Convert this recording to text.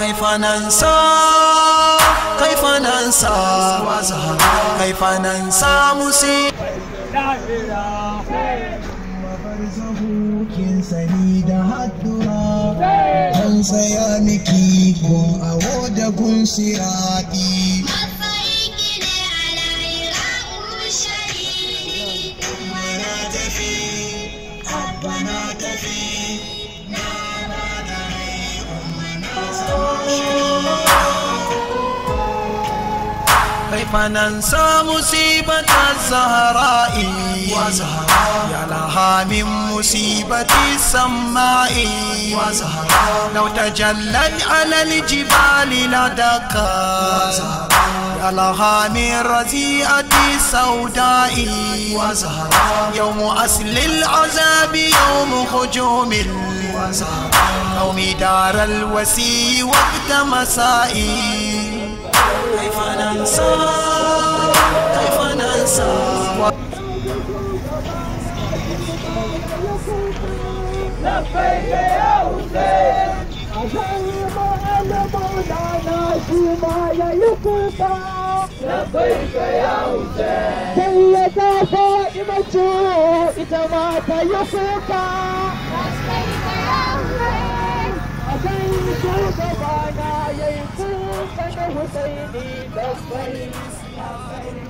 كيف ننسى كيف ننسى كيف ننسى مسيح kin sani da haddura don saya miki gun awo na tafi, Abba na tafi فننسى مصيبة الزهراء يا لها من مصيبة السماء لو تجلت على الجبال لدقت يا لها من رزيئة السوداء يوم أسل العذاب يوم خجوم قوم دار الوسي وقت مسائي كيف ننسى dança. Na fé é o Quem é salvo e matou, então mata e ocupa. Alguém chama Savana e aí culpa, não gostei de das país.